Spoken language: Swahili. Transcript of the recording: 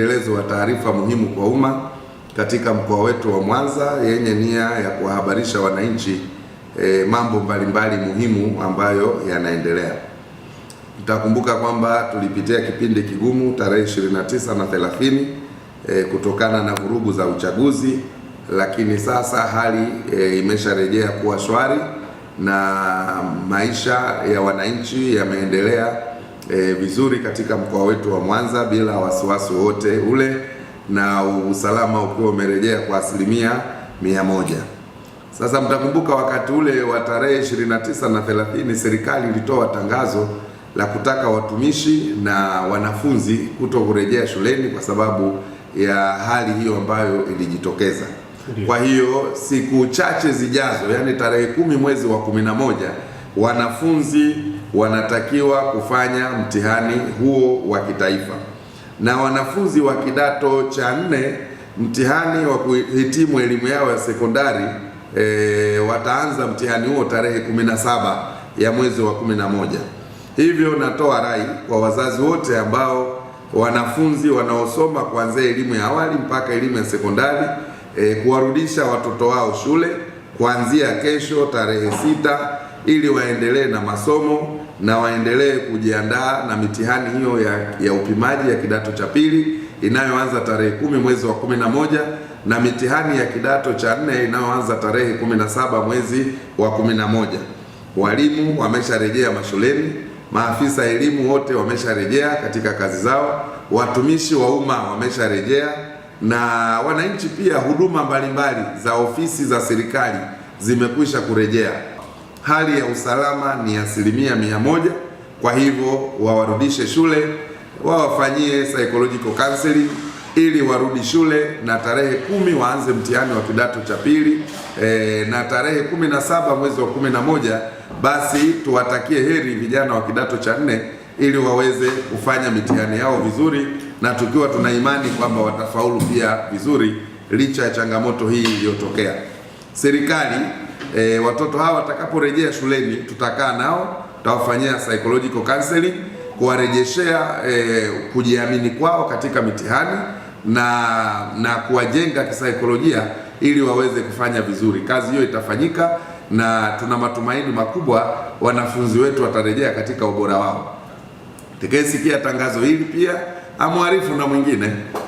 mwendelezo wa taarifa muhimu kwa umma katika mkoa wetu wa Mwanza yenye nia ya kuwahabarisha wananchi e, mambo mbalimbali muhimu ambayo yanaendelea. Mtakumbuka kwamba tulipitia kipindi kigumu tarehe 29 na 30 e, eh, kutokana na vurugu za uchaguzi, lakini sasa hali e, imesharejea kuwa shwari na maisha ya wananchi yameendelea e, vizuri katika mkoa wetu wa Mwanza bila wasiwasi wote ule na usalama ukiwa umerejea kwa asilimia mia moja. Sasa mtakumbuka wakati ule wa tarehe 29 na 30 serikali ilitoa tangazo la kutaka watumishi na wanafunzi kuto kurejea shuleni kwa sababu ya hali hiyo ambayo ilijitokeza. Kwa hiyo siku chache zijazo, yani tarehe kumi mwezi wa kumi na moja wanafunzi wanatakiwa kufanya mtihani huo wa kitaifa, na wanafunzi wa kidato cha nne mtihani wa kuhitimu elimu yao ya sekondari e, wataanza mtihani huo tarehe 17 ya mwezi wa 11. Hivyo natoa rai kwa wazazi wote ambao wanafunzi wanaosoma kuanzia elimu ya awali mpaka elimu ya sekondari e, kuwarudisha watoto wao shule kuanzia kesho tarehe sita ili waendelee na masomo na waendelee kujiandaa na mitihani hiyo ya, ya upimaji ya kidato cha pili inayoanza tarehe kumi mwezi wa kumi na moja na mitihani ya kidato cha nne inayoanza tarehe kumi na saba mwezi wa kumi na moja. Walimu wamesharejea mashuleni, maafisa elimu wote wamesharejea katika kazi zao, watumishi wa umma wamesharejea, na wananchi pia, huduma mbalimbali za ofisi za serikali zimekwisha kurejea hali ya usalama ni asilimia mia moja. Kwa hivyo wawarudishe shule, wawafanyie psychological counseling ili warudi shule na tarehe kumi waanze mtihani wa kidato cha pili e, na tarehe kumi na saba mwezi wa kumi na moja basi tuwatakie heri vijana wa kidato cha nne ili waweze kufanya mitihani yao vizuri, na tukiwa tuna imani kwamba watafaulu pia vizuri licha ya changamoto hii iliyotokea serikali E, watoto hawa watakaporejea shuleni tutakaa nao, tutawafanyia psychological counseling kuwarejeshea e, kujiamini kwao katika mitihani na na kuwajenga kisaikolojia ili waweze kufanya vizuri. Kazi hiyo itafanyika na tuna matumaini makubwa wanafunzi wetu watarejea katika ubora wao. Tekesikia tangazo hili pia amwarifu na mwingine.